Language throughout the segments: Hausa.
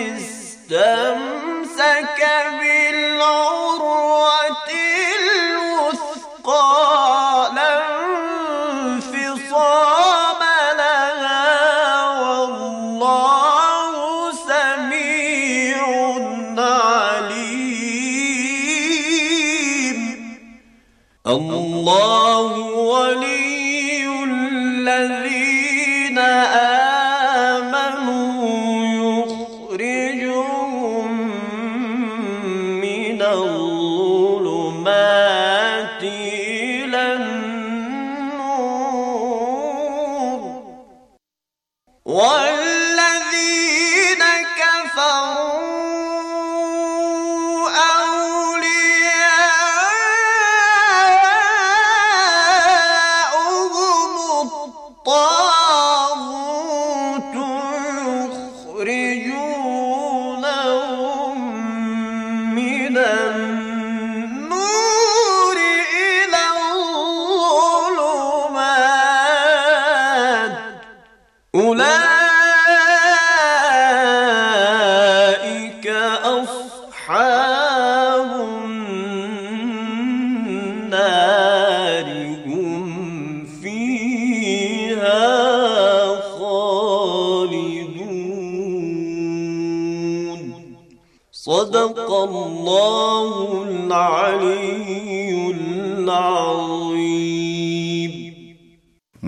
استمتع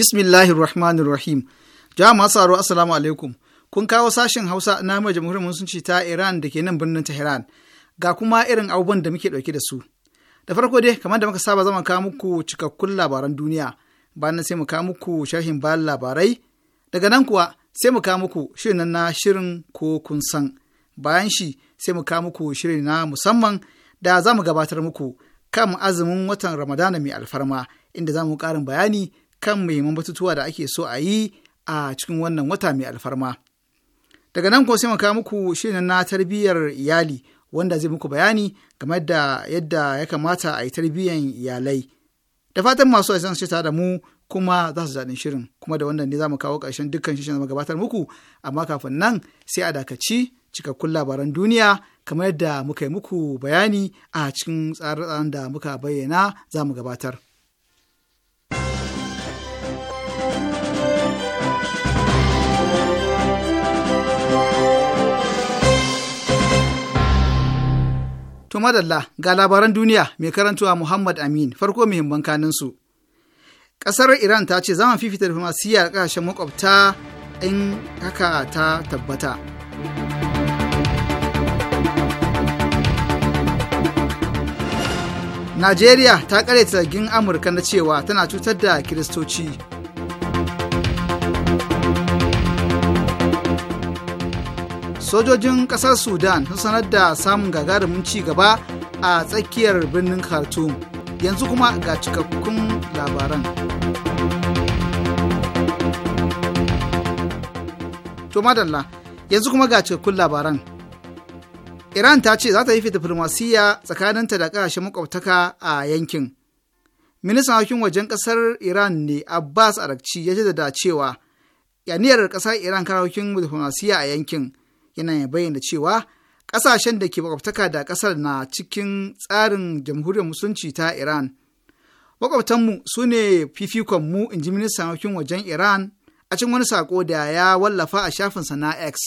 Bismillahir Rahmanir Rahim. Jama'a masu aro Assalamu alaikum. Kun kawo sashen Hausa na mai jamhuriyar musulunci ta Iran da ke nan birnin Tehran. Ga kuma irin abubuwan da muke dauke da su. Da farko dai, kamar da muka saba zama kawo muku cikakkun labaran duniya. Bayan sai mu kawo muku sharhin bayan labarai. Daga nan kuwa sai mu kawo muku shirin na shirin ko kun san. Bayan shi sai mu kawo muku shirin na musamman da za mu gabatar muku kan azumin watan Ramadana mai alfarma inda za mu ƙarin bayani kan muhimman batutuwa da ake so a yi a cikin wannan wata mai alfarma. Daga nan ko sai mu kawo muku shirin na tarbiyyar iyali wanda zai muku bayani game da yadda ya kamata a yi tarbiyyar iyalai. Da fatan masu aisan su da mu kuma za su daɗin shirin kuma da wannan ne za mu kawo ƙarshen dukkan shirin da gabatar muku amma kafin nan sai a dakaci cikakkun labaran duniya kamar yadda muka yi muku bayani a cikin tsare-tsaren da muka bayyana za mu gabatar. To madalla ga labaran duniya mai karantuwa Muhammad Amin farko muhimman kanin su. Ƙasar Iran ta ce zaman fifita diflomasiyya kasashen makwabta in haka ta tabbata. Najeriya ta ƙare zargin Amurka na cewa tana cutar da Kiristoci. sojojin ƙasar sudan sun sanar da samun gagarumin ci gaba a tsakiyar birnin khartoum yanzu kuma ga cikakkun labaran to madalla yanzu kuma ga cikakkun labaran iran ta ce za ta yi fitifirmasiya tsakaninta da ƙasashen makwabtaka a yankin ministan harkokin wajen ƙasar iran ne abbas arakci ya jaddada cewa yaniyar ƙasar iran kan harkokin a yankin yana ya bayyana cewa ƙasashen da ke makwabtaka da kasar na cikin tsarin jamhuriyar musulunci ta Iran. Makwabtanmu su ne fifikonmu in ji ministan harkokin wajen Iran a cikin wani sako da ya wallafa a shafin na X.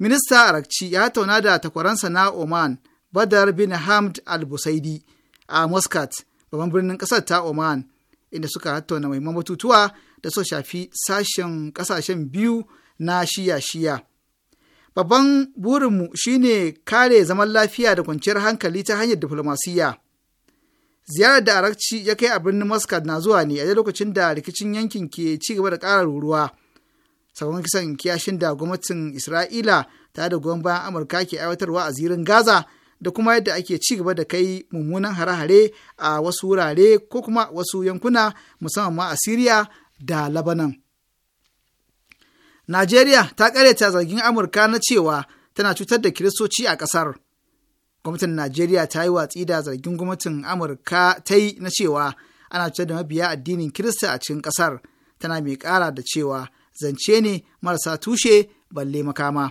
Minista Arakci ya tauna da takwaransa na Oman Badar bin Hamd al-Busaidi a Muscat, babban birnin ƙasar ta Oman, inda suka tattauna mai batutuwa da suka shafi sashen kasashen biyu na shiya-shiya. Babban burinmu shine kare zaman lafiya da kwanciyar hankali ta hanyar diflomasiyya. Ziyarar da Arakci ya kai a birnin Muscat na zuwa ne a lokacin da rikicin yankin ke ci gaba da ƙara ruruwa. Sabon kisan kiyashin da gwamnatin Isra'ila ta da goyon bayan Amurka ke aiwatarwa a zirin Gaza da kuma yadda ake ci gaba da kai mummunan hare-hare a wasu wurare ko kuma wasu yankuna musamman ma a Siriya da Labanan. Najeriya ta karyata zargin Amurka na cewa tana cutar da Kiristoci a ƙasar. Gwamnatin Najeriya ta yi watsi da zargin gwamnatin Amurka ta yi na cewa ana cutar da mabiya addinin Kirista a cikin ƙasar, tana mai ƙara da cewa zance ne marasa tushe balle makama.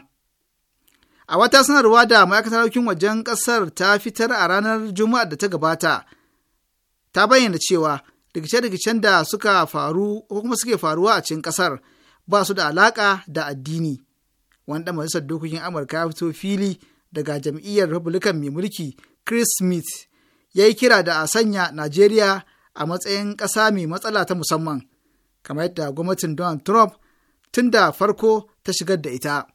A wata sanarwa da ma'aikatar harkokin wajen ƙasar ta fitar a ranar Juma'ar da ta gabata, ta bayyana cewa rikice-rikicen da suka faru ko kuma suke faruwa a cikin ƙasar ba su da alaƙa da addini wanda majalisar dokokin amurka ya fito fili daga jam'iyyar republican mai mulki chris smith ya yi kira da a sanya najeriya a matsayin ƙasa mai matsala ta musamman kamar yadda gwamnatin donald trump tun da farko ta shigar da ita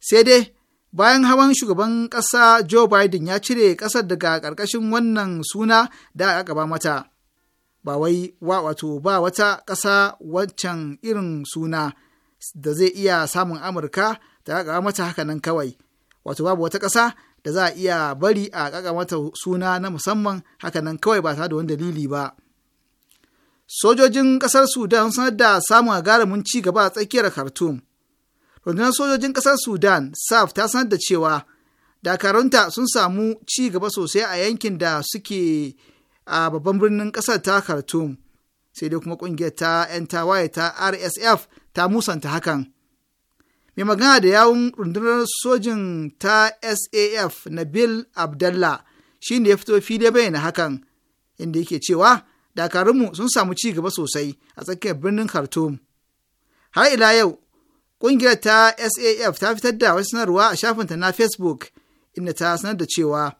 sai dai bayan hawan shugaban ƙasa joe biden ya cire ƙasar daga ƙarƙashin wannan suna da aka gaba mata ba wai wa wato ba wata ƙasa waccan irin suna da zai iya samun amurka ta ƙaƙa mata hakanan kawai wato babu wata ƙasa da za a iya bari a ƙaƙa mata suna na musamman hakanan kawai ba ta da wani dalili ba sojojin ƙasar sudan sanar da samun mun ci gaba a tsakiyar khartum rundunar sojojin ƙasar sudan saf ta sanar da cewa dakarunta sun samu ci gaba sosai a yankin da suke a babban birnin ƙasar ta Khartoum. Sai dai kuma ƙungiyar ta 'yan tawaye ta RSF ta musanta hakan. Mai magana da yawun rundunar sojin ta SAF Nabil Abdallah shi ne ya fito fili bayyana hakan, inda yake cewa dakarunmu sun samu ci gaba sosai a tsakiyar birnin Khartoum. Har ila yau, ƙungiyar ta SAF ta fitar da wasu sanarwa a shafinta na Facebook inda ta sanar da cewa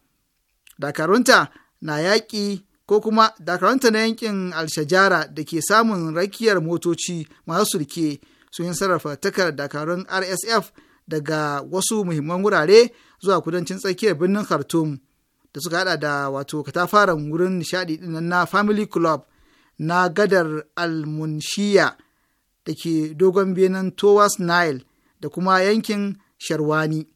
dakarunta na yaƙi ko kuma dakaranta na yankin alshajara da ke samun rakiyar motoci masu sulke sun yi sarrafa takar dakarun rsf daga wasu muhimman wurare zuwa kudancin tsakiyar birnin khartoum da suka hada da wato katafaren wurin nishadi dinnan na family club na gadar almunshiya da ke dogon benin towas nile da kuma yankin sharwani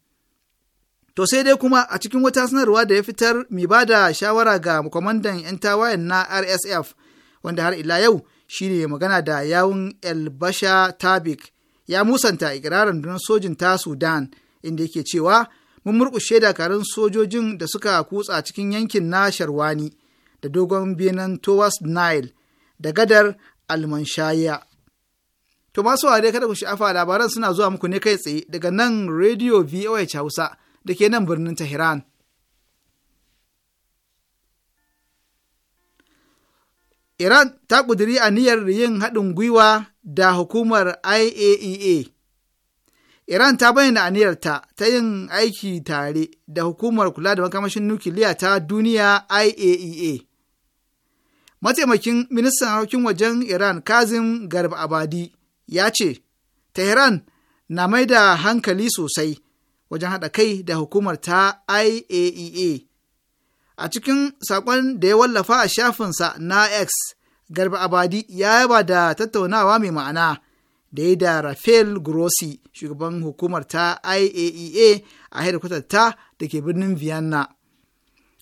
To sai dai kuma a cikin wata sanarwa da ya fitar mai ba da shawara ga kwamandan 'yan tawayen na RSF wanda har ila yau shi ne magana da yawun Elbasha Tabik ya musanta ikirarin don sojin ta Sudan inda yake cewa mun murƙushe dakarun sojojin da suka kutsa cikin yankin na Sharwani da dogon benin Towas Nile da gadar Almanshaya. To masu ware kada ku sha'afa labaran suna zuwa muku ne kai tsaye daga nan Radio VOH Hausa. da ke nan birnin Tehran. Iran ta ƙudiri aniyar yin haɗin gwiwa da hukumar IAEA. E Iran ta bayyana aniyarta ta yin aiki tare da hukumar kula da makamashin nukiliya ta duniya IAEA. E Mataimakin ministan harkokin wajen Iran Kazim Garba Abadi ya ce, Tehran na mai da hankali sosai wajen haɗa kai da hukumar ta IAEA. E a cikin saƙon da ya wallafa a shafinsa na X, Garba Abadi ya yaba da tattaunawa mai ma'ana da ya da Rafael Grossi, shugaban hukumar ta IAEA e a hedikwatar ta da ke birnin Vienna.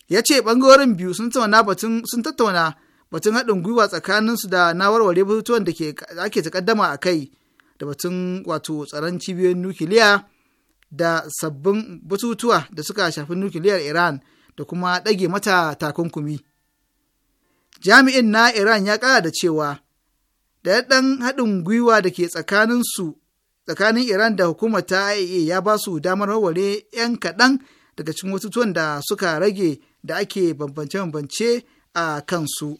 Ya ce ɓangarorin biyu sun tattauna batun haɗin gwiwa tsakaninsu da na warware batutuwan da ake takaddama a kai da batun wato tsaron cibiyoyin nukiliya da sabbin batutuwa da suka shafi nukiliyar Iran da kuma ɗage mata takunkumi. Jami'in na Iran ya ƙara da cewa, da ɗan haɗin gwiwa da ke tsakaninsu tsakanin Iran da hukumar ta IAEA e ya ba su damar warware 'yan kaɗan daga cikin batutuwan da suka rage da ake bambance-bambance a kansu.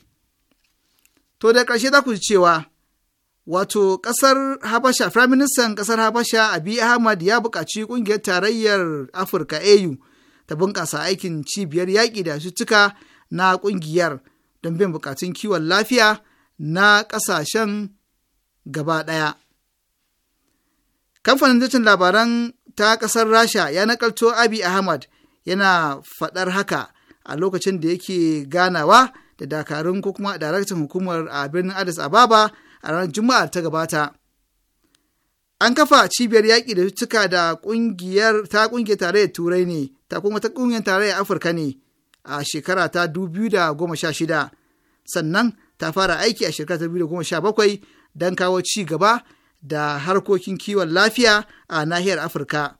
To da ƙarshe za ku ji cewa wato kasar habasha firaministan kasar habasha abi ahmad ya buƙaci ƙungiyar tarayyar afirka au ta bunƙasa aikin cibiyar yaƙi da cutuka na ƙungiyar don bin buƙatun kiwon lafiya na ƙasashen gaba ɗaya kamfanin jirgin labaran ta ƙasar rasha ya nakalto abi ahmad yana faɗar haka a lokacin da yake ganawa da dakarun ko kuma daraktan hukumar a birnin addis ababa a ranar Juma'a ta gabata. An kafa cibiyar yaƙi da cutuka da ƙungiyar ta ƙungiyar tarayyar Turai ne, ta kuma ta ƙungiyar tarayyar Afirka ne a shekara ta shida sannan ta fara aiki a shekara ta bakwai don kawo ci gaba da harkokin kiwon lafiya a nahiyar Afirka.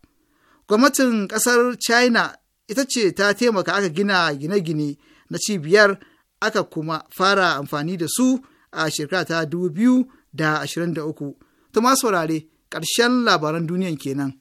Gwamnatin ƙasar China ita ce ta taimaka aka gina gine-gine na cibiyar aka kuma fara amfani da su a shekara ta 2023. To ma saurare ƙarshen labaran duniyan kenan.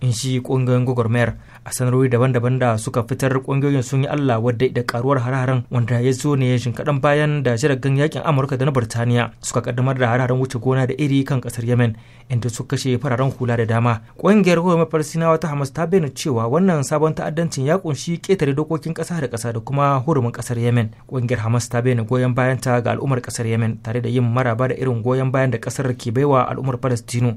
in shi kungiyoyin gwagwarmayar a sanarwar daban-daban da suka fitar kungiyoyin sun yi Allah wadda da karuwar hararen wanda ya zo ne kadan bayan da jiragen yakin Amurka da na Burtaniya suka kaddamar da hararen wuce gona da iri kan kasar Yemen inda su kashe fararen hula da dama ƙungiyar hukumar Falasinawa ta Hamas ta bayyana cewa wannan sabon ta'addancin ya kunshi ketare dokokin ƙasa da kasa da kuma hurumin kasar Yemen kungiyar Hamas ta bayyana goyon bayanta ga al'ummar kasar Yemen tare da yin maraba da irin goyon bayan da kasar ke baiwa al'ummar Falastinu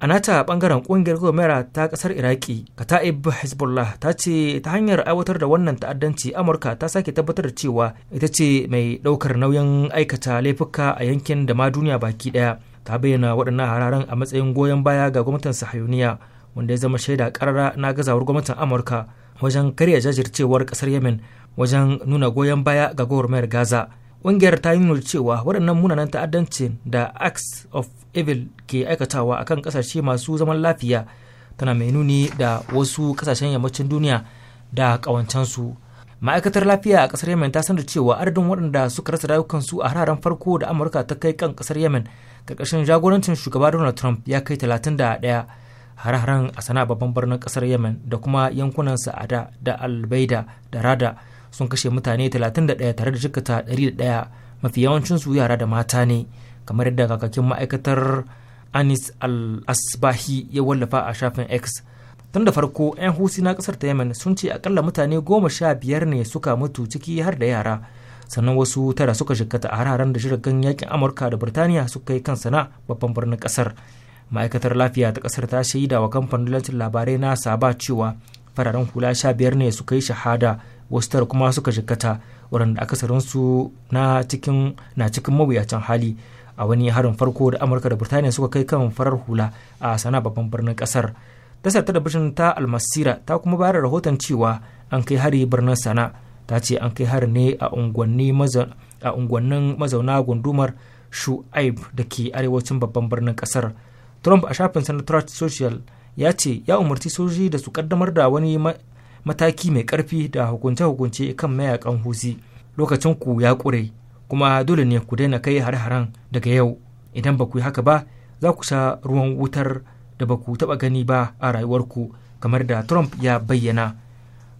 a nata bangaren kungiyar gomera ta kasar iraki kata'ib hezbollah ta ce ta hanyar aiwatar da wannan ta'addanci amurka ta sake tabbatar da cewa ita ce mai daukar nauyin aikata laifuka a yankin da ma duniya baki daya ta bayyana waɗannan hararen a matsayin goyon baya ga gwamnatin sahuniya wanda ya zama shaida karara na gazawar gwamnatin amurka wajen karya jajircewar kasar yemen wajen nuna goyon baya ga gwamnatin gaza ƙungiyar ta yi nuna cewa waɗannan munanan ta'addancin da acts of evil ke aikatawa akan kasashe masu zaman lafiya tana mai nuni da wasu kasashen yammacin duniya da ƙawancensu ma'aikatar lafiya a kasar yemen ta sanar cewa adadin waɗanda suka rasa rayukansu a hararen farko da amurka ta kai kan kasar yemen karkashin jagorancin shugaba donald trump ya kai 31 hare haren a sana babban birnin kasar yemen da kuma yankunan sa'ada da albaida da rada sun kashe mutane 31 tare da jikata 101 mafi yawancinsu yara da mata ne kamar yadda kakakin ma'aikatar anis al-asbahi ya wallafa a shafin x tun da farko 'yan husi na kasar ta yemen sun ce akalla mutane goma sha biyar ne suka mutu ciki har da yara sannan wasu tara suka jikkata a hararen da shirgan yakin amurka da birtaniya suka yi kan sana babban birnin kasar ma'aikatar lafiya ta kasar ta shaida wa kamfanin labarai na saba cewa fararen hula sha biyar ne suka yi shahada wasu tara kuma suka jikkata waɗanda akasarinsu na cikin mawuyacin hali a wani harin farko da amurka da burtaniya suka kai kan farar hula a sana babban birnin kasar tasar talabijin ta almasira ta kuma bayar da rahoton cewa an kai hari birnin sana ta ce an kai hari ne a unguwannin mazauna gundumar shu'aib da ke arewacin babban birnin kasar trump a shafin sanatorat social ya ce ya umarci sojoji da su kaddamar da wani mataki mai karfi da hukunce-hukunce kan mayakan huzi lokacin ku ya kure kuma dole ne ku daina kai hare-haren daga yau idan ba ku yi haka ba za ku sha ruwan wutar da ba ku taɓa gani ba a rayuwarku kamar da trump ya bayyana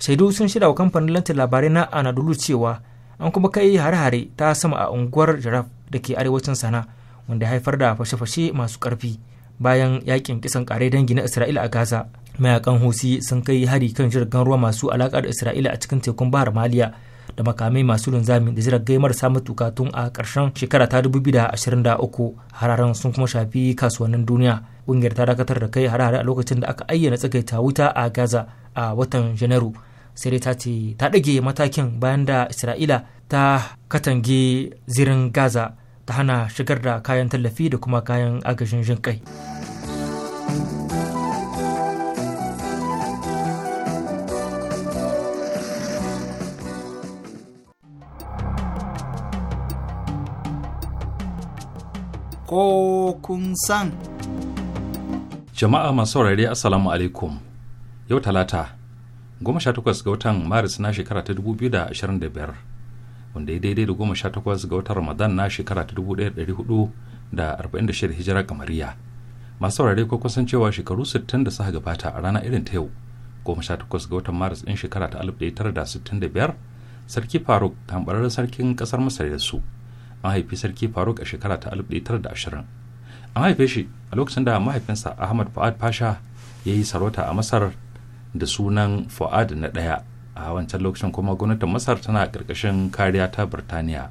shaidu sun shida wa kamfanin lantin labarai na anadolu cewa an kuma kai hare-hare ta sama a unguwar jaraf da ke arewacin sana wanda haifar da fashe-fashe masu ƙarfi bayan yakin kisan kare dangi na isra'ila a gaza mayakan hosi sun kai hari kan jirgin ruwa masu alaƙa da isra'ila a cikin tekun bahar maliya da makamai masu linzami da ziragai marasa matuka tun a ƙarshen shekara ta 2023 hararen sun kuma shafi kasuwannin duniya ƙungiyar ta dakatar da kai harare a lokacin da aka ayyana tsagaita wuta a gaza a watan janairu sai dai ta ce ta ɗage matakin bayan da isra'ila ta katange zirin gaza ta hana shigar da kayan tallafi da kuma kayan agajin jin kai. ko kun san. Jama'a masu saurare Assalamu alaikum. Yau Talata, goma sha takwas ga watan Maris na shekara ta dubu biyu da ashirin da biyar, wanda ya daidai da goma sha takwas ga watan Ramadan na shekara ta dubu ɗaya ɗari hudu da arba'in da shida hijira kamariya. Masu saurare ko kusan cewa shekaru sittin da suka gabata a rana irin ta yau, goma sha takwas ga watan Maris ɗin shekara ta alif ɗaya tara da sittin da biyar, Sarki Faruk tambarar sarkin ƙasar Masar da su. an haifi sarki faruk a shekara ta 1920 an haife shi a lokacin da mahaifinsa ahmad fuad pasha ya yi sarauta a masar da sunan fuad na ɗaya a wancan lokacin kuma gwamnatin masar tana ƙarƙashin kariya ta birtaniya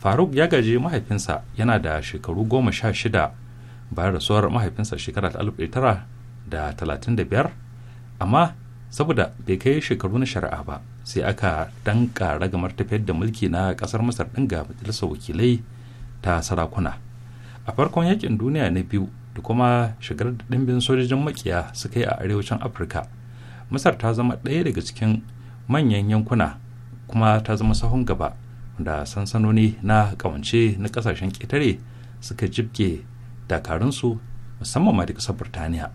faruk ya gaji mahaifinsa yana da shekaru goma sha shida bayan rasuwar mahaifinsa shekara ta 1935 amma saboda bai kai shekaru na shari'a ba sai aka danka ragamar tafiyar da mulki na kasar masar ɗin ga majalisar wakilai ta sarakuna a farkon yakin duniya na biyu da kuma shigar da ɗimbin sojojin makiya suka yi a arewacin afirka masar ta zama ɗaya daga cikin manyan yankuna kuma ta zama sahun gaba da sansanoni na kawance na kasashen ƙetare suka jibge dakarunsu musamman ma da ƙasar burtaniya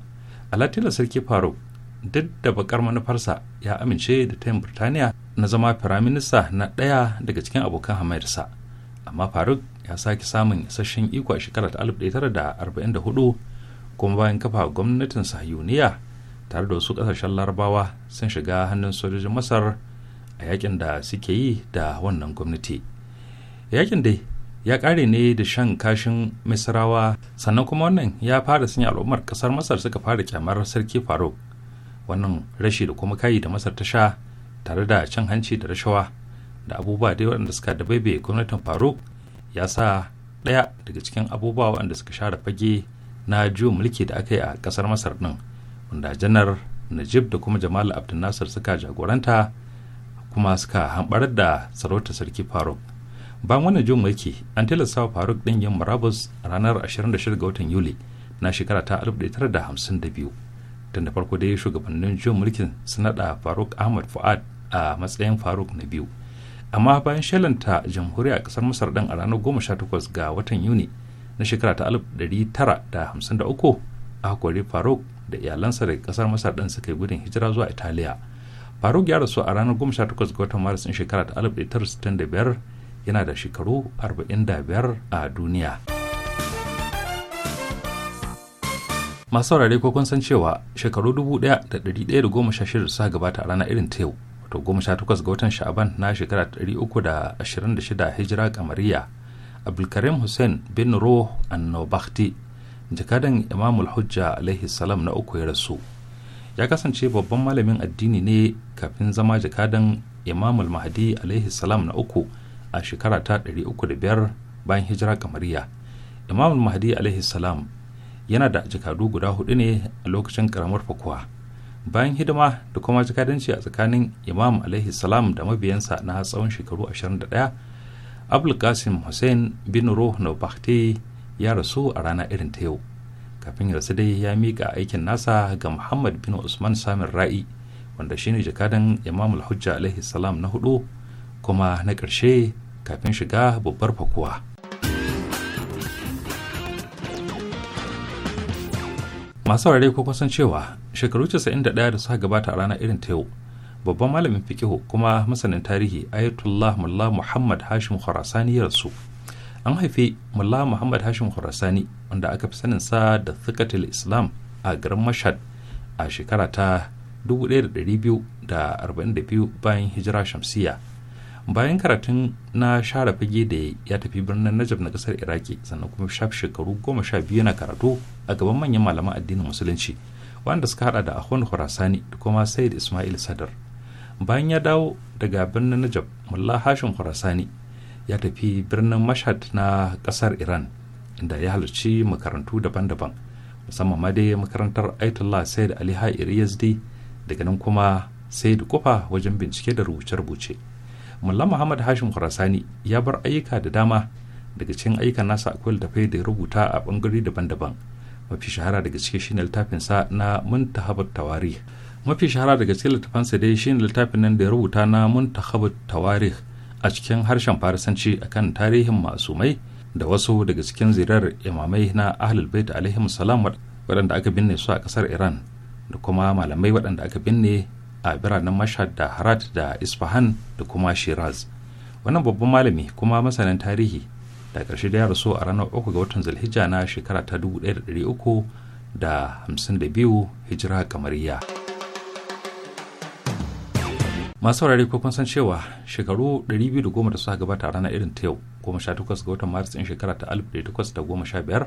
alatila sarki faruk duk da bakar manufarsa ya amince da tayin burtaniya na zama firaminista na ɗaya daga cikin abokan hamayarsa amma faruk ya sake samun isasshen iko a shekarar 1944 kuma bayan kafa gwamnatin sahiyuniya tare da wasu ƙasashen larabawa sun shiga hannun sojojin masar a yakin da suke yi da wannan gwamnati yakin dai ya ƙare ne da shan kashin misrawa sannan kuma wannan ya fara sanya al'ummar ƙasar masar suka fara kyamar sarki faruk wannan rashi da kuma kayi da masar ta sha tare da cin hanci da rashawa da abubuwa dai waɗanda suka da baibaye gwamnatin faruk ya sa ɗaya daga cikin abubuwa waɗanda suka share fage na juyin mulki da aka yi a ƙasar masar ɗin wanda janar najib da kuma jamal abdul suka jagoranta kuma suka hambarar da sarautar sarki faruk bayan wannan juyin mulki an tilasta wa faruk ɗin yin murabus ranar 26 ga watan yuli na shekara ta 1952 tun da farko dai shugabannin juyin mulkin sun naɗa faruk ahmad fuad a matsayin faruk na biyu amma bayan shelanta jamhuriya kasar masar ɗin a ranar 18 ga watan yuni na shekara ta 1953 aka kori faruk da iyalansa daga kasar masar ɗin suka yi gudun hijira zuwa italiya faruk ya rasu a ranar 18 ga watan maris ɗin shekara ta 1965 yana da shekaru 45 a duniya. masu saurare ko kun san cewa shekaru 1116 suka gabata a ranar irin ta yau wato 18 ga watan sha'aban na shekara 326 hijira kamariya abdulkarim hussein bin roh annobakhti jakadan imamul hujja alaihi salam na uku ya rasu ya kasance babban malamin addini ne kafin zama jakadan imamul mahdi alaihi salam na uku a shekara ta 305 bayan hijira kamariya imamul mahdi alaihi salam yana da jakadu guda hudu ne a lokacin karamar fakuwa bayan hidima da kuma jakadanci a tsakanin imam alaihi salam da mabiyansa na tsawon shekaru 21 abul qasim hussein bin ruh na ya rasu a rana irin ta yau kafin ya rasu dai ya miƙa aikin nasa ga muhammad bin usman samin ra'i wanda shine jakadan imam alhujja alaihi salam na hudu kuma na ƙarshe kafin shiga babbar fakuwa. masu ware ko kusan cewa shekaru 91 da suka gabata a ranar irin ta yau babban malamin fikihu kuma masanin tarihi ayatullah mullah muhammad hashim khurasani ya rasu an haifi mullah muhammad hashim khurasani wanda aka fi sanin sa da thiqatul islam a garin mashhad a shekara ta 1242 bayan hijira shamsiyya bayan karatun na share fage da ya tafi birnin najab na kasar iraki sannan kuma shafi shekaru goma sha biyu na karatu a gaban manyan malaman addinin musulunci wanda suka hada da ahun khurasani da kuma said ismail sadar bayan ya dawo daga birnin najab mullah hashin khurasani ya tafi birnin mashhad na kasar iran inda ya halarci makarantu daban-daban musamman ma dai makarantar aitullah said ali ha'ir yazdi daga nan kuma said kufa wajen bincike da rubuce-rubuce Mullah Muhammad Hashim Khurasani ya bar ayyuka da dama daga cikin ayyukan nasa akwai littafai da ya rubuta a bangare daban-daban mafi shahara daga cikin shine littafinsa na muntahabat tawarih mafi shahara daga cikin littafansa dai shine littafin nan da ya rubuta na muntahabat tawarih a cikin harshen farisanci akan tarihin masumai da wasu daga cikin zirar imamai na ahlul bait alaihim salam waɗanda aka binne su a ƙasar iran da kuma malamai waɗanda aka binne a biranen mashhad da harat da isfahan da kuma shiraz wannan babban malami kuma masanin tarihi da ƙarshe da ya rasu a ranar 3 ga watan zulhijja na shekara ta 1352 hijira kamariya masu wurare ko kun san cewa shekaru 210 da suka gabata a ranar irin ta yau goma sha ga watan maris ɗin shekara ta 1815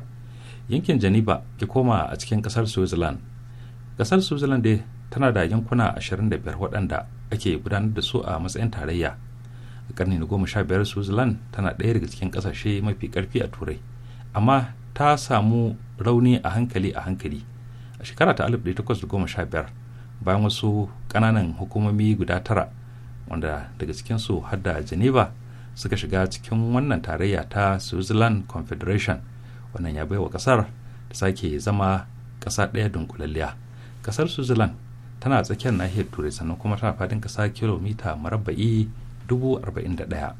yankin janiba ke koma a cikin ƙasar switzerland kasar switzerland dai tana da yankuna 25 waɗanda ake gudanar da su a matsayin tarayya a ƙarni na goma sha biyar switzerland tana ɗaya daga cikin ƙasashe mafi ƙarfi a turai amma ta samu rauni a hankali a hankali a shekara ta 1815 bayan wasu ƙananan hukumomi guda tara wanda daga cikinsu har da geneva suka shiga cikin wannan tarayya ta switzerland confederation wannan ya baiwa ƙasar da sake zama ƙasa ɗaya dunkulalliya kasar switzerland tana tsakiyar nahiyar turai sannan kuma tana fadin kasa kilomita marabba'i daya.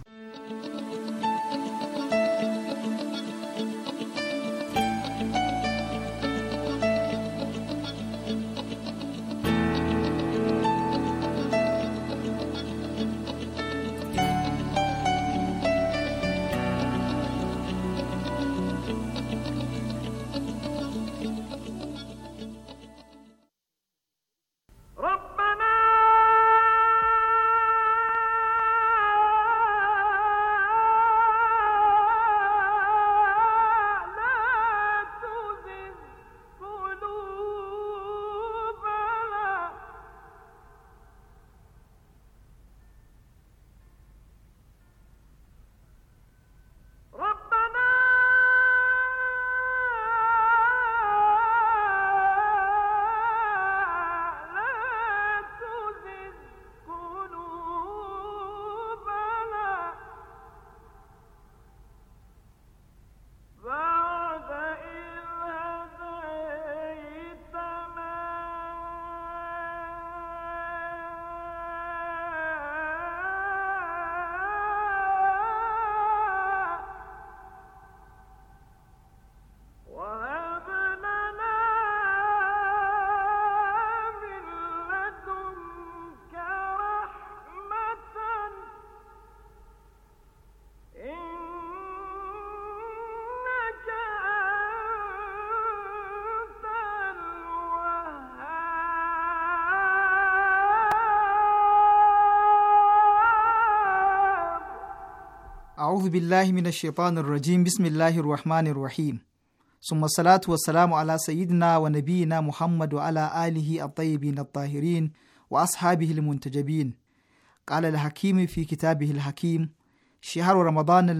a'udhu billahi minash shaitanir rajim bismillahir rahmanir rahim summa salatu wassalamu ala sayyidina wa nabiyina muhammad wa ala alihi at-tayyibin at wa ashabihi al-muntajabin qala al-hakim fi kitabihi al Shihar شهر رمضان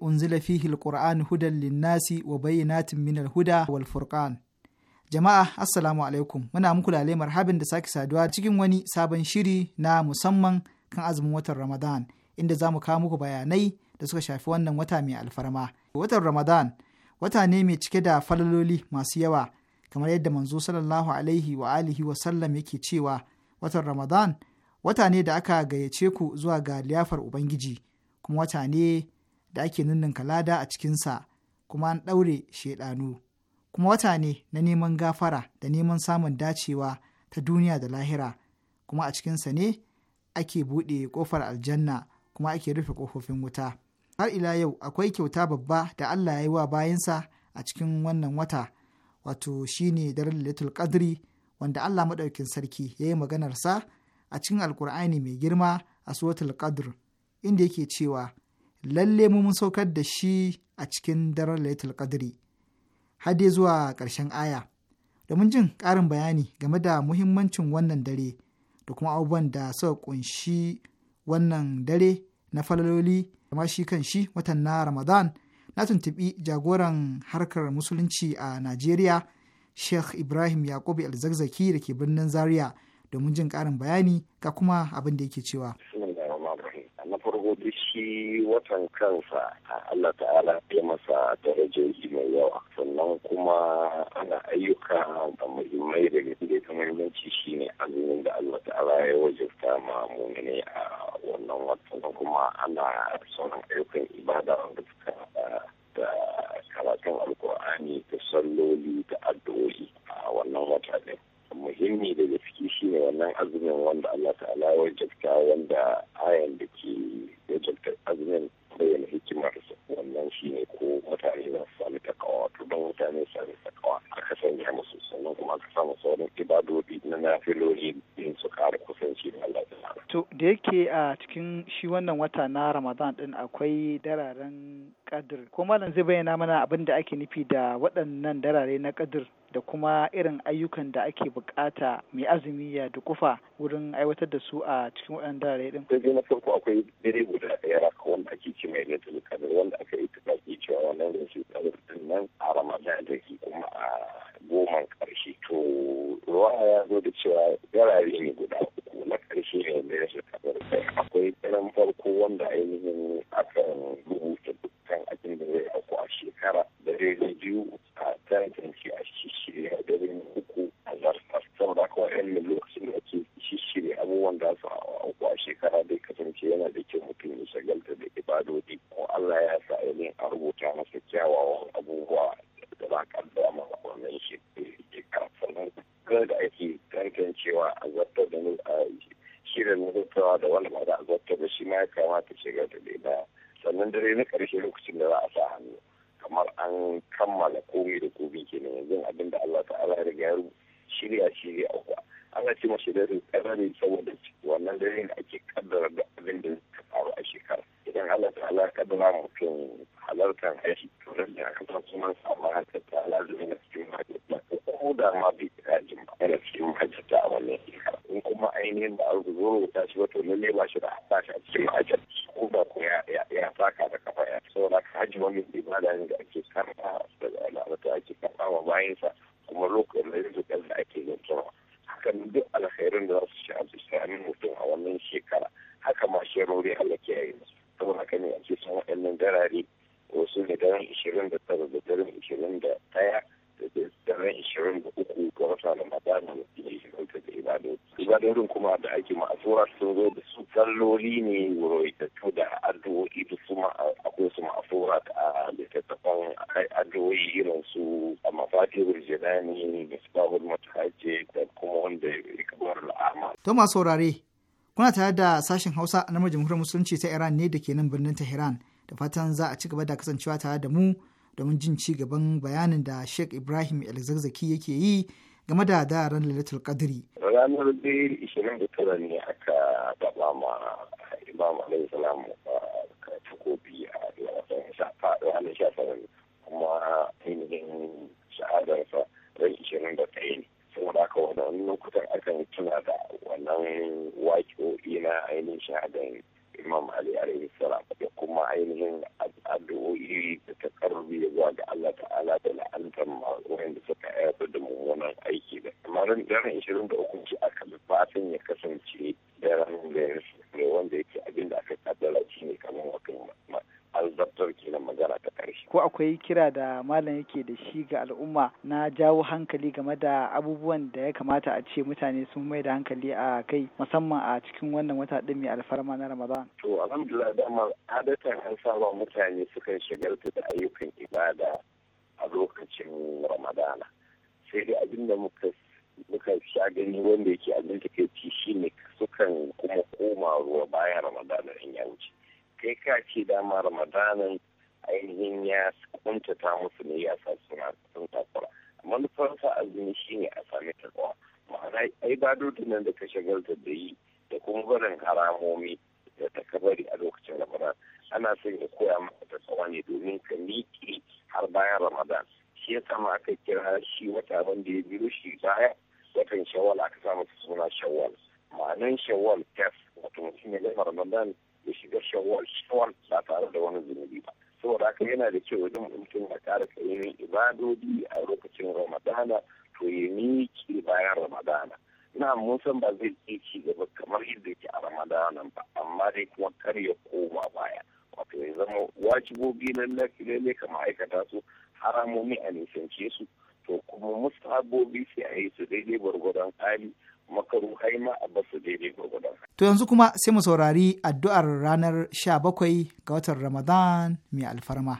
Unzila, Fihil, فيه القرآن Linnasi, للناس وبينات Minal, Huda, Walfurƙan. Jama'a Assalamu alaikum muna muku da marhabin da sake saduwa cikin wani sabon shiri na musamman kan azumin watan Ramadan inda za mu kawo muku bayanai da suka shafi wannan wata mai alfarma. Watan Ramadan wata ne mai cike da falaloli masu yawa kamar yadda manzo sallallahu alaihi wa alihi wa sallam yake cewa watan Ramadan wata ne da aka gayyace ku zuwa ga liyafar Ubangiji kuma wata ne da ake ninninka lada a cikinsa kuma an ɗaure shaidanu kuma wata ne na neman gafara da neman samun dacewa ta duniya da lahira kuma a cikinsa ne ake buɗe ƙofar aljanna kuma ake rufe ƙofofin wuta. har ila yau akwai kyauta babba da Allah ya yi wa bayansa a cikin wannan wata wato shine daren lailatul qadri wanda Allah Maɗaukin sarki ya yi maganarsa a cikin alkur'ani mai girma a suratul qadr inda yake cewa lalle mu mun saukar da shi a cikin daren lailatul qadri har dai zuwa ƙarshen aya domin jin ƙarin bayani game da muhimmancin wannan dare da kuma abubuwan da suka kunshi wannan dare na falaloli kamar shi kan shi watan na Ramadan na tuntubi jagoran harkar musulunci a Najeriya Sheikh Ibrahim Yakubu Alzakzaki da ke birnin Zaria domin jin karin bayani ga kuma abin da yake cewa. shi watan kansa Allah ta'ala ya masa darajoji mai yawa sannan kuma ana ayyuka da muhimmai da gaske ta muhimmanci shine azumin da Allah ta'ala ya wajabta ma mu'mini a wannan watan kuma ana sauran ayyukan ibada wanda suka da karatun alkur'ani da salloli da addu'o'i a wannan wata ɗin muhimmi da gaske shi ne wannan azumin wanda Allah ta'ala wajabta wanda ayan da ke jabta azumin bayyana hikimarsa wannan shi ne ko mutane za su sami takawa to don mutane su sami takawa aka sanya musu sannan kuma aka samu sauran ibadodi na nafiloli din su kara kusanci da Allah ta'ala to da yake a cikin shi wannan wata na Ramadan din akwai dararen kadir ko malam zai bayyana mana abin da ake nufi da waɗannan darare na kadir da kuma irin ayyukan da ake bukata mai azumi ya dukufa wurin aiwatar da su a cikin waɗannan darare din. Sai na farko akwai dare guda ɗaya wanda ake ce mai Lailatul kadir wanda aka yi tafaki cewa wannan zai Qadr din nan a Ramadan da ke kuma a goman karshe to ruwa ya zo da cewa garare ne guda uku na karshe ne mai rashin kadir akwai ɗan farko wanda ainihin akan bayani da su sababul matahaje da kuma wanda ya kamar al'ama. To masu saurare, kuna tare da sashen Hausa na Jamhuriyar Musulunci ta Iran ne da ke nan birnin Tehran. Da fatan za a ci gaba da kasancewa tare da mu domin jin ci gaban bayanin da Sheikh Ibrahim Elzazzaki yake yi game da daren Lailatul Qadri. Ranar dai tara ne aka daba ma Imam Alayhi Salam takobi a faɗo a kuma ainihin sha'adarsa rai ishirin da ɗaya ne saboda haka wannan lokutan akan tuna da wannan waƙoƙi na ainihin shahadan imam ali alaihi salam da kuma ainihin addu'o'i da ta da zuwa ga allah ta'ala da la'antar da suka aiwatar da mummunan aiki da kamarin daren ishirin da uku ce aka fatan ya kasance daren da wanda yake abin da aka kaddara shi ne kamar wakil an zartar magana ta ƙarshe. Ko akwai kira da malam yake da shi ga al'umma na jawo hankali game da abubuwan da ya kamata a ce mutane sun mai da hankali a kai musamman a cikin wannan wata ɗin mai alfarma na Ramadan. To alhamdulillah dama adatan an saba mutane suka shagaltu da ayyukan ibada a lokacin Ramadana. Sai dai abin da muka muka sha gani wanda yake abin shi ne sukan kuma koma ruwa bayan Ramadana in ya wuce. kai ka ce dama ramadanin ainihin ya kuntata musu ne ya sa suna sun takura manufarsa azumi ne a sami takwa ma'ana ai ibadodin nan da ka shagalta da yi da kuma barin haramomi da takabari a lokacin ramadan ana son ya koya maka ta tsawa ne domin ka miƙe har bayan ramadan shi ya sama aka kira shi wata abin da ya biyo shi baya watan shawwal aka sa masa suna shawwal ma'anan shawwal tef wato mutum ya gama ramadan ya shiga shawar shawwal ba tare da wani zunubi ba saboda haka yana da kyau wajen mutum ya ƙara tsayin ibadodi a lokacin ramadana to ya miƙe bayan ramadana na mun san ba zai iya ci gaba kamar yadda yake a ramadana ba amma dai kuma kar ya koma baya wato ya zama wajibobi lalle ka ma'aikata su haramomi a nisance su to kuma mustahabobi sai a yi su daidai gwargwadon hali makaruhai ma a basu daidai gwagwadon. To yanzu kuma sai mu saurari addu'ar ranar sha bakwai ga watan Ramadan mai alfarma.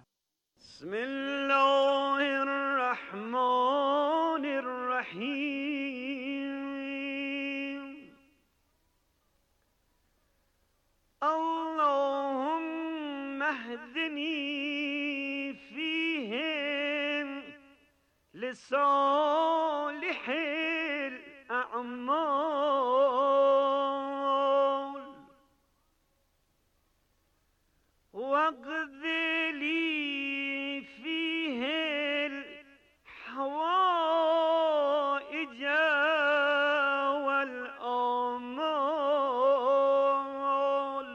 اللهم اهدني فيهم الأعمال واقض لي فيه الحوائج والأعمال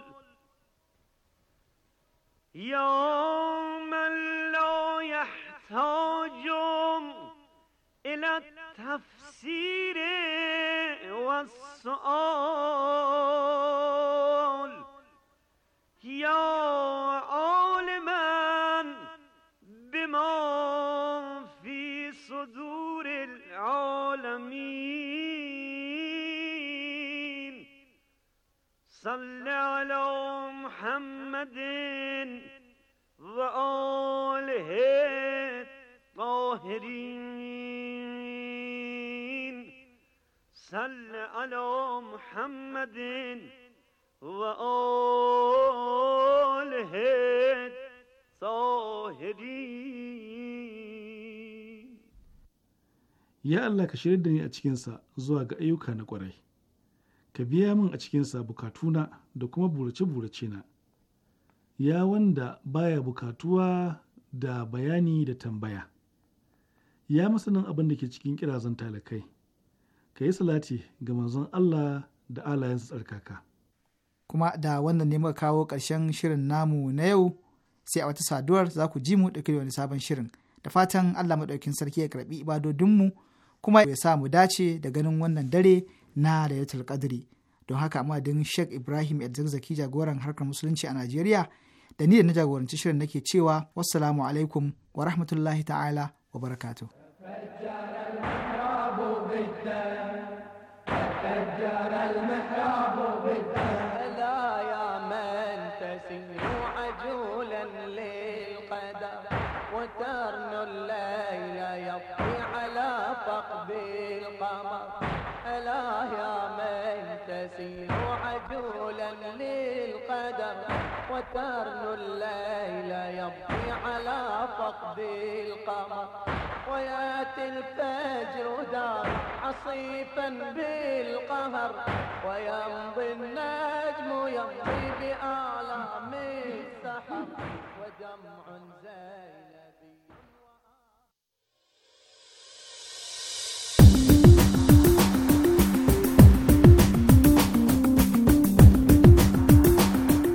يا من لا يحتاج إلى التفسير سؤال يا عالما بما في صدور العالمين صل على محمد وآله الطاهرين صل على محمد وآله يا الله ka shirya da ni a cikinsa zuwa ga ayyuka na ƙwarai ka biya min a cikinsa bukatuna da kuma burace-burace na ya wanda baya bukatuwa da bayani da tambaya ya masanin abin da ke cikin kirazan talakai ka yi salati ga manzon Allah da alayensa tsarkaka. Kuma da wannan ne muka kawo ƙarshen shirin namu na yau sai a wata saduwar za ku ji mu ɗauki da wani sabon shirin. Da fatan Allah maɗaukin sarki ya karɓi ibadodinmu kuma ya sa mu dace da ganin wannan dare na Lailatul Qadri. Don haka amma din Sheikh Ibrahim Zaki jagoran harkar musulunci a Najeriya da ni da na jagoranci shirin nake cewa wassalamu alaikum wa rahmatullahi ta'ala wa barakatuh. المحراب وترن الليل يبقي على فقد القمر وياتي الفجر دار عصيفا بالقهر ويمضي النجم يمضي بآلام السحر ودمع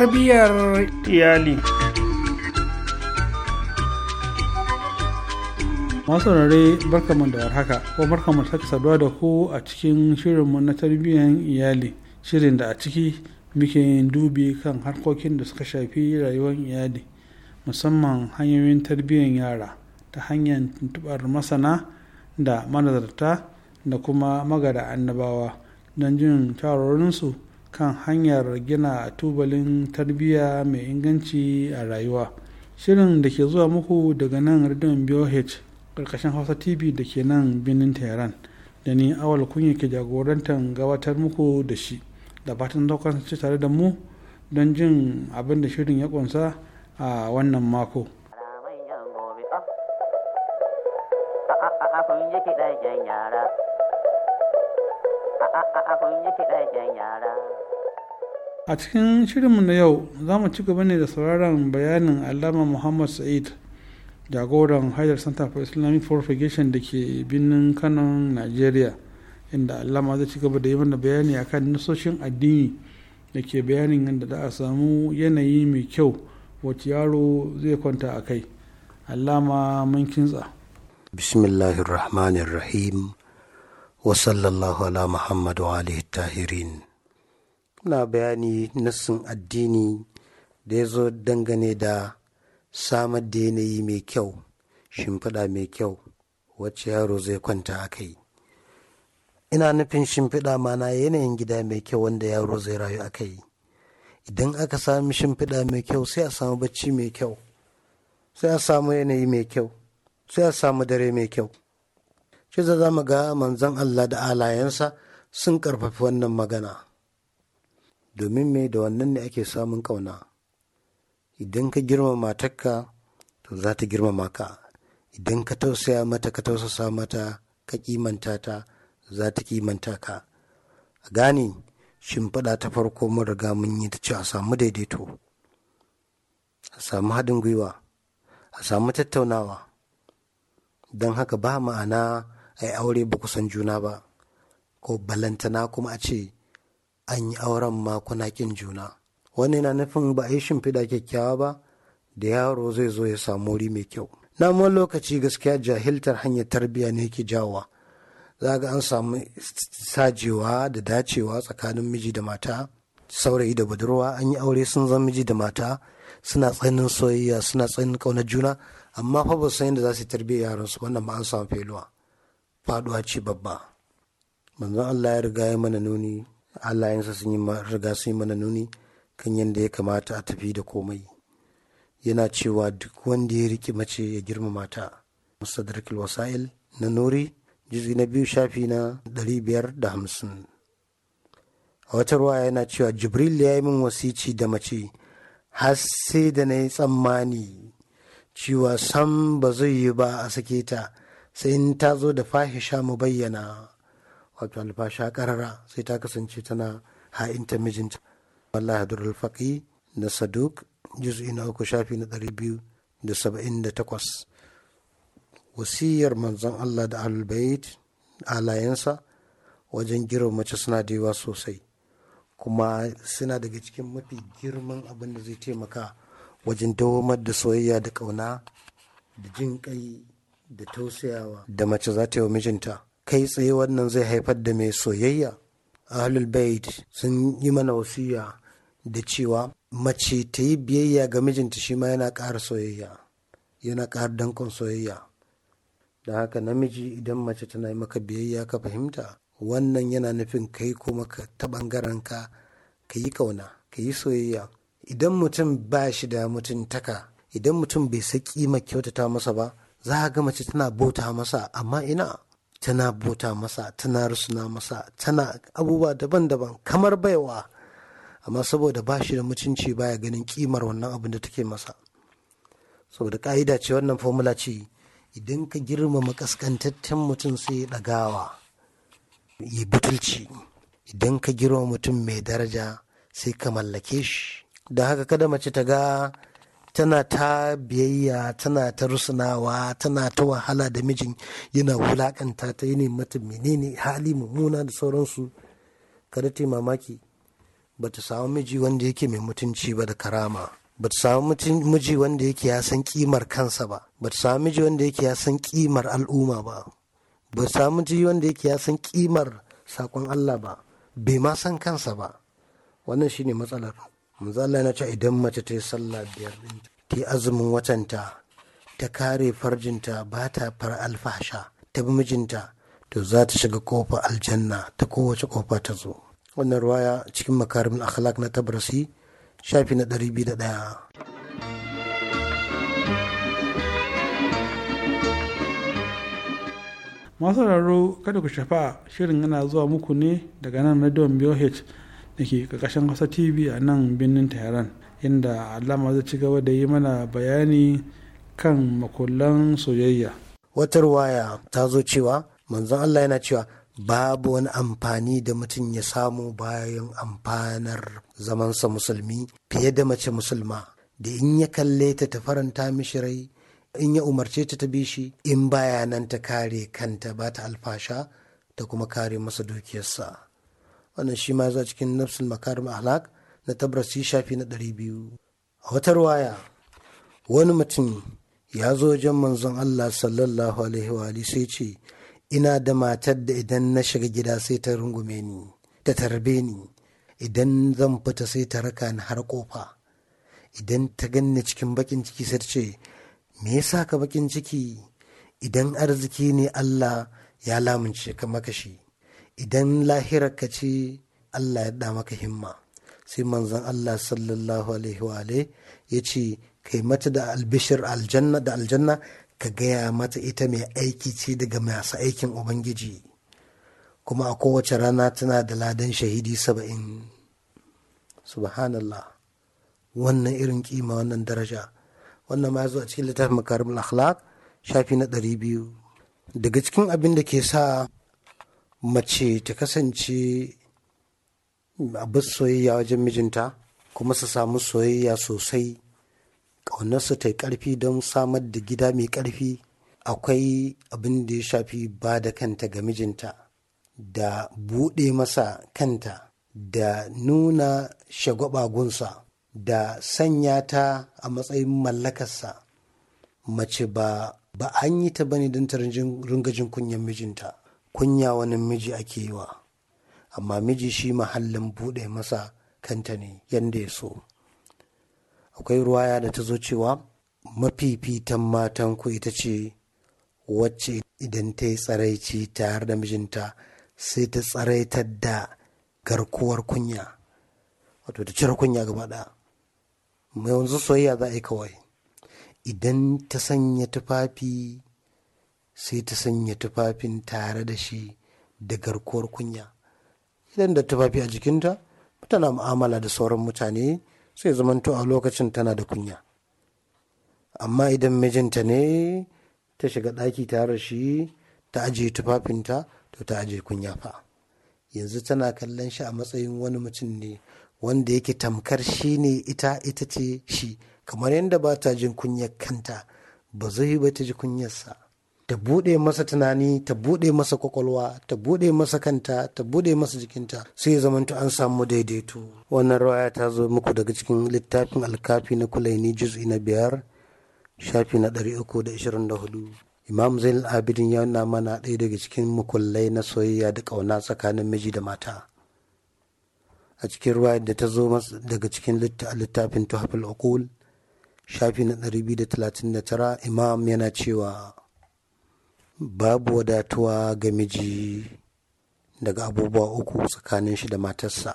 tarbiyyar iyali masu rare barkamu da warhaka ko barkamu ta saduwa da ku a cikin shirinmu na tarbiyyar iyali shirin da a ciki muke dubi kan harkokin da suka shafi rayuwar iyali musamman hanyoyin tarbiyyar yara ta hanyar tuntubar masana da manazarta da kuma magada annabawa don jin tarorinsu. kan hanyar gina tubalin tarbiyya mai inganci a rayuwa shirin da ke zuwa muku daga nan rediyon BOH karkashin hausa tv da ke nan birnin tehran da ni awal kunya ke jagorantar gabatar muku da shi da fatan daukan tare da mu don jin abin da shirin ya kunsa a wannan mako. A cikin shirinmu na yau za mu ci gaba ne da sauraron bayanin alama Muhammad Sa'id jagoran hajjar Center for Islamic Propagation da ke birnin Kano, Nigeria, inda alama zai ci gaba da yi mana bayani akan nasoshin addini da ke bayanin yadda za a samu yanayi mai kyau wacce yaro zai kwanta a kai. alama mun kintsa. Bismillahirrahmanirrahim. wa sallallahu ala Muhammadu wa alihi tahirin. Muna bayani nassin addini da ya zo dangane da samar da yanayi mai kyau, shimfiɗa mai kyau, wacce yaro zai kwanta a kai. Ina nufin shimfiɗa mana yanayin gida mai kyau wanda yaro zai rayu a kai. Idan aka sami shimfiɗa mai kyau sai a samu bacci mai kyau, sai a samu yanayi mai kyau, sai a samu dare mai kyau. shi za mu ga manzon Allah da alayensa sun karfafi wannan magana domin me da wannan ne ake samun ƙauna idan ka girmama matakka to za ta girmama ka idan ka tausaya mata ka tausasa mata ka kimanta ta za ta kimanta ka a gane shimfiɗa ta farko mun riga mun yi ta ce a samu daidaito a samu haɗin gwiwa a samu tattaunawa don haka ba ma'ana a yi aure ba kusan juna ba ko balantana kuma a ce an yi auren ma kuna kin juna wani na nufin ba a yi shimfiɗa kyakkyawa ba da yaro zai zo ya samu wuri mai kyau na lokaci gaskiya jahiltar hanyar tarbiyya ne ke jawowa za ga an samu sajewa da dacewa tsakanin miji da mata saurayi da budurwa an yi aure sun zama miji da mata suna tsanin soyayya suna tsanin ƙaunar juna amma fa ba san yadda za su tarbiyya yaransu wannan ma an samu feluwa faduwa ce babba manzon Allah ya riga ya mana nuni Allah halayensa sun yi riga sun yi mana nuni kan yadda ya kamata a tafi da komai yana cewa duk wanda ya riƙe mace ya girmama ta musadarkil wasa'il na nuri jizgi na biyu shafi na ɗari biyar da hamsin a wata ruwa yana cewa jibril ya yi min wasici da mace har sai da na yi tsammani cewa sam ba zai yi ba a sake ta sai in ta zo da fahisha mu bayyana wato alfasha karara sai ta kasance tana ha'inta mijinta wallahi durul faqi na saduk juz'i na uku shafi na ɗari biyu da saba'in da takwas wasiyar manzon Allah da albayit alayensa wajen girma mace suna da yawa sosai kuma suna daga cikin mafi girman abin da zai taimaka wajen dawamar da soyayya da ƙauna da jin ƙai da tausayawa da mace za ta yi wa mijinta kai tsaye wannan zai haifar da mai soyayya ahlul bait sun yi mana wasiya da cewa mace ta yi biyayya ga mijinta shi ma yana ƙara soyayya yana ƙara dankon soyayya da haka namiji idan mace tana yi maka biyayya ka fahimta wannan yana nufin kai kuma ta bangaren ka ka yi kauna ka yi soyayya idan mutum ba shi da mutuntaka idan mutum bai sa ma kyautata masa ba za a ga mace tana bauta masa amma ina tana bauta masa tana rusuna masa tana abubuwa daban-daban kamar baiwa amma saboda ba shi da mutunci baya ganin kimar wannan abin da take masa saboda ka'ida ce wannan formula ce idan ka girmama kaskantaccen mutum sai ya ɗagawa ya butulci idan ka girmama mutum mai daraja sai ka mallake shi da haka kada mace ta ga tana ta biyayya tana ta rusunawa tana ta wahala da mijin yana wulakanta ta yi mata menene hali mummuna da sauransu kada ta mamaki ba ta samu miji wanda yake mai mutunci ba da karama ba ta samu miji wanda yake ya san kimar kansa ba ba ta samu miji wanda yake ya san kimar al'umma ba ba ta samu miji wanda yake ya san kimar sakon Allah ba bai ma san kansa ba wannan shine matsalar manzo Allah na ce idan mace ta yi sallah biyar ta yi azumin watanta ta kare farjinta ba ta far alfasha ta bi mijinta to za ta shiga kofa aljanna ta kowace kofa ta zo wannan ruwaya cikin makarimin akhlaq na tabrasi shafi na 201 masu raro kada ku shafa shirin yana zuwa muku ne daga nan radio BOH da ke ƙarƙashin hausa tv a nan birnin tehran inda alama zai ci gaba da yi mana bayani kan makullan soyayya watar waya ta zo cewa manzon allah yana cewa babu wani amfani da mutum ya samu bayan amfanar zamansa musulmi fiye da mace musulma da in ya kalle ta ta faranta mishi rai in ya umarce ta ta bi shi in baya nan ta kare kanta ba ta alfasha ta kuma kare masa dukiyarsa wannan shi ma zuwa cikin nafsul makarim ahlak na tabrasi shafi na ɗari biyu a wata ruwaya wani mutum ya zo wajen manzon Allah sallallahu alaihi wa sai ce ina da matar da idan na shiga gida sai ta rungume ni ta tarbe ni idan zan fita sai ta raka ni har kofa idan ta ganni cikin bakin ciki sai ta ce me yasa ka bakin ciki idan arziki ne Allah ya lamunce ka makashi idan lahirar ka ce allah ya da maka himma sai manzon allah sallallahu alaihi wa ya ce kai mata da albishir aljanna da aljanna ka gaya mata ita mai aiki ce daga masu aikin ubangiji kuma a kowace rana tana da ladan shahidi saba'in subhanallah wannan irin kima wannan daraja wannan ma zuwa cikin littafin makarimul akhlaq shafi na ɗari biyu daga cikin abin da ke sa mace ta kasance a abin soyayya wajen mijinta kuma su samu soyayya sosai ƙaunarsa ta yi ƙarfi don samar da gida mai ƙarfi akwai abin da ya shafi ba da kanta ga mijinta da buɗe masa kanta da nuna shagwabagunsa da sanya ta a matsayin mallakarsa mace ba ba an yi ta bane don ta ringajin kunyan mijinta kunya wani miji ake yi wa amma miji shi mahallin buɗe masa kanta ne yadda ya so akwai ruwaya da ta zo cewa mafifitan matan ku ita ce wacce idan ta yi tsaraici tare da mijinta sai ta tsaraitar da garkuwar kunya wato ta cire kunya gaba ɗaya mai wanzu soyayya za a yi kawai idan ta sanya tufafi sai ta sanya tufafin tare da shi da garkuwar kunya idan da tufafi a jikinta tana mu'amala da sauran mutane sai zamanto a lokacin tana da kunya amma idan mijinta ne ta shiga ɗaki tare shi ta ajiye tufafinta to ta ajiye kunya fa yanzu tana kallon shi a matsayin wani mutum ne wanda yake tamkar shi ne ita ita ce shi kamar yadda ba ta jin kunyar kanta ba zai ba ta ji kunyarsa ta buɗe masa tunani ta buɗe masa kwakwalwa ta buɗe masa kanta ta buɗe masa jikinta sai ya zamanto an samu daidaito wannan rawaya ta zo muku daga cikin littafin alkafi na kulaini juz'i na biyar shafi na ɗari uku da ishirin da hudu imam zain abidin ya nuna mana ɗaya daga cikin mukullai na soyayya da ƙauna tsakanin miji da mata a cikin ruwa da ta zo daga cikin littafin tuhafil shafi na 239 imam yana cewa babu wadatuwa ga miji daga abubuwa uku tsakanin shi da matarsa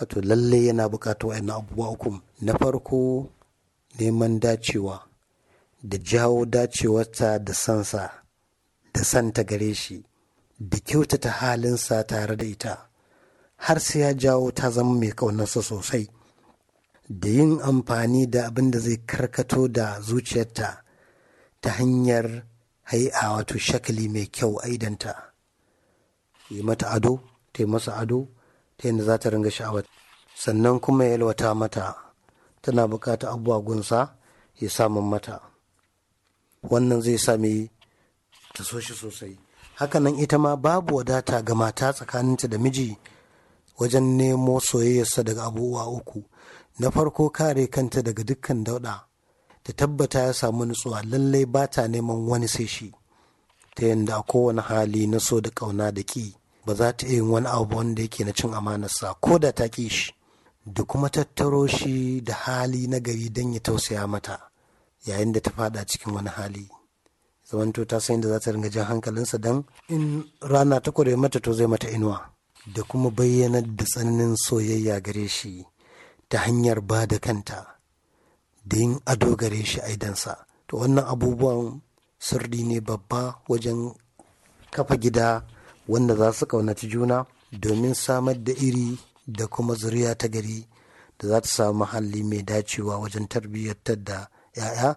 wato lallai yana bukatar wa'in abubuwa uku na farko neman dacewa da jawo dacewarta da sansa da santa gare shi da kyautata halinsa tare da ita har sai ya jawo ta zama mai ƙaunarsa sosai da yin amfani da abin da zai karkato da zuciyarta ta hanyar Hai, a wato shakali mai kyau aidanta yi mata ado ta yi masa ado ta yadda za ta ringa sha'awa sannan kuma ya yalwata mata tana bukata abubuwa gunsa ya samun mata wannan zai sami ta so shi sosai hakanan ita ma babu wadata ga mata tsakaninta da miji wajen nemo soyayyarsa daga abubuwa uku na farko kare kanta daga dukkan dauɗa ta tabbata ya samu nutsuwa lallai ba ta neman wani sai shi ta yadda a kowane hali na so da kauna da ƙi ba za ta yin wani abu wanda yake na cin amanarsa ko da ta ƙi shi da kuma tattaro shi da hali na gari don ya tausaya mata yayin da ta fada cikin wani hali zamanto ta san da za ta ringa jan hankalinsa don in rana ta kware mata to zai mata inuwa da kuma bayyanar da tsananin soyayya gare shi ta hanyar ba da kanta da yin ado gare shi aidansa to wannan abubuwan sirri ne babba wajen kafa gida wanda za su kaunaci juna domin samar da iri da kuma zuriya ta gari da za ta samu mahalli mai dacewa wajen tarbiyyar da 'ya'ya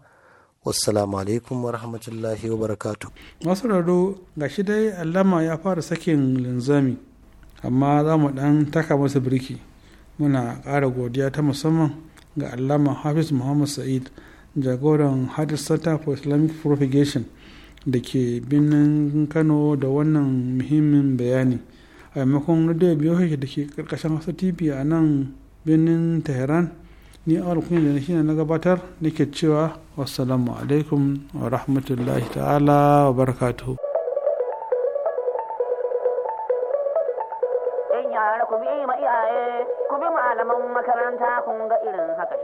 wassalamu alaikum wa rahmatullahi wa barakatu masu raro ga shi dai allama ya fara sakin linzami amma za mu dan taka masa birki muna ƙara godiya ta musamman ga allama hafiz muhammad sa'id jagoran hadis center for islamic propagation da ke birnin kano da wannan muhimmin bayani a maimakon radio biyu da ke karkashin hasa tv a nan birnin tehran ni a kunya da shi na gabatar nake cewa wassalamu alaikum wa rahmatullahi ta'ala wa barakatuhu makaranta kun ga irin haka